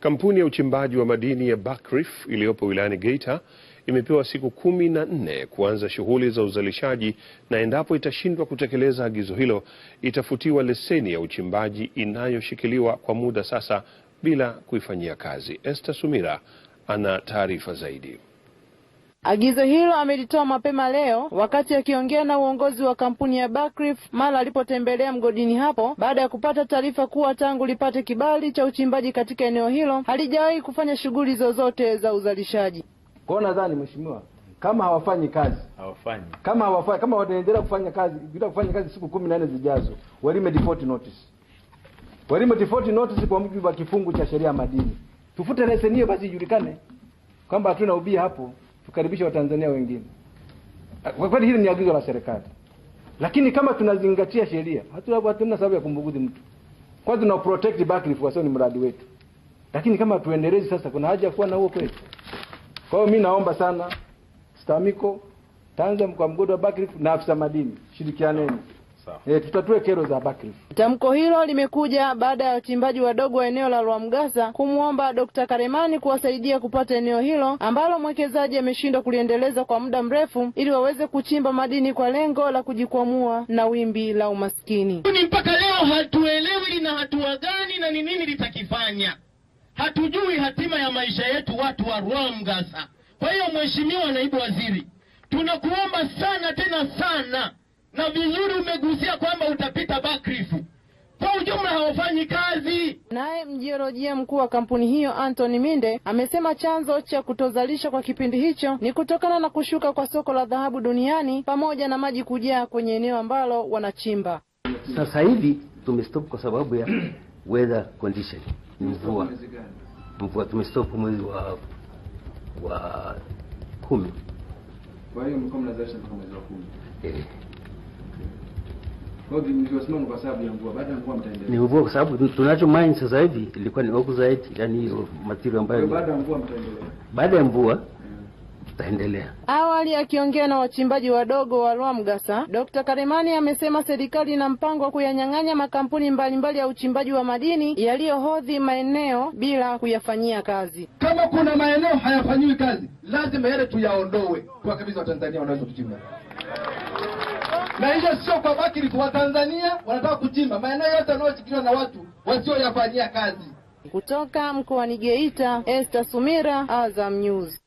Kampuni ya uchimbaji wa madini ya Buckreef iliyopo wilayani Geita imepewa siku kumi na nne kuanza shughuli za uzalishaji na endapo itashindwa kutekeleza agizo hilo itafutiwa leseni ya uchimbaji inayoshikiliwa kwa muda sasa bila kuifanyia kazi. Esther Sumira ana taarifa zaidi. Agizo hilo amelitoa mapema leo wakati akiongea na uongozi wa kampuni ya Buckreef mara alipotembelea mgodini hapo baada ya kupata taarifa kuwa tangu lipate kibali cha uchimbaji katika eneo hilo halijawahi kufanya shughuli zozote za uzalishaji. Kwa hiyo nadhani mheshimiwa, kama hawafanyi kazi hawafanyi, kama hawafanyi, kama wataendelea kufanya kazi bila kufanya kazi siku kumi na nne zijazo, walime default notice, walime default notice kwa mujibu wa kifungu cha sheria ya madini. Tufute leseni hiyo basi ijulikane kwamba hatuna ubia hapo tukaribishe Watanzania wengine. Kwa kweli hili ni agizo la serikali, lakini kama tunazingatia sheria, hatuna sababu ya kumbuguzi mtu. Kwanza tuna protect kwa sababu ni mradi wetu, lakini kama tuendelezi sasa, kuna haja ya kuwa na huo kweli. Kwa hiyo mimi naomba sana stamiko TANZAM kwa mgodi wa Buckreef na afisa madini, shirikianeni. E, tutatue kero za Buckreef. Tamko hilo limekuja baada ya wachimbaji wadogo wa eneo la Lwamgasa kumwomba Dkt. Karemani kuwasaidia kupata eneo hilo ambalo mwekezaji ameshindwa kuliendeleza kwa muda mrefu ili waweze kuchimba madini kwa lengo la kujikwamua na wimbi la umaskini. Mpaka leo hatuelewi lina hatua gani na ni nini litakifanya. Hatujui hatima ya maisha yetu watu wa Lwamgasa. Kwa hiyo, Mheshimiwa Naibu Waziri, tunakuomba sana tena sana na vizuri umegusia kwamba utapita Bakrifu kwa ujumla hawafanyi kazi. Naye mjiolojia mkuu wa kampuni hiyo Anthony Minde amesema chanzo cha kutozalisha kwa kipindi hicho ni kutokana na kushuka kwa soko la dhahabu duniani pamoja na maji kujaa kwenye eneo ambalo wanachimba. Sasa hivi tumestop kwa sababu ya weather condition, mvua mvua, tumestop mwezi wa wa kumi. Kwa hiyo mko mnazalisha mpaka mwezi wa kumi. Eh. Niliwasimama kwa sababu ya mvua. Baada ya mvua mtaendelea. Ni mvua kwa sababu tunacho mine sasa hivi ilikuwa ni zaidi, yani hiyo material ambayo baada ya mvua mtaendelea. Baada ya mvua tutaendelea. Awali akiongea na wachimbaji wadogo wa Rwamgasa, Dr. Karemani amesema serikali ina mpango wa kuyanyang'anya makampuni mbalimbali ya uchimbaji wa madini yaliyohodhi maeneo bila kuyafanyia kazi. Kama kuna maeneo hayafanyiwi kazi, lazima yale tuyaondoe kwa kabisa. Watanzania wanaweza kuchimba na hiyo sio kwa bakiri kwa Watanzania wanataka kuchimba maeneo yote yanayoshikiliwa na watu wasioyafanyia kazi. Kutoka mkoani Geita, Esther Sumira, Azam News.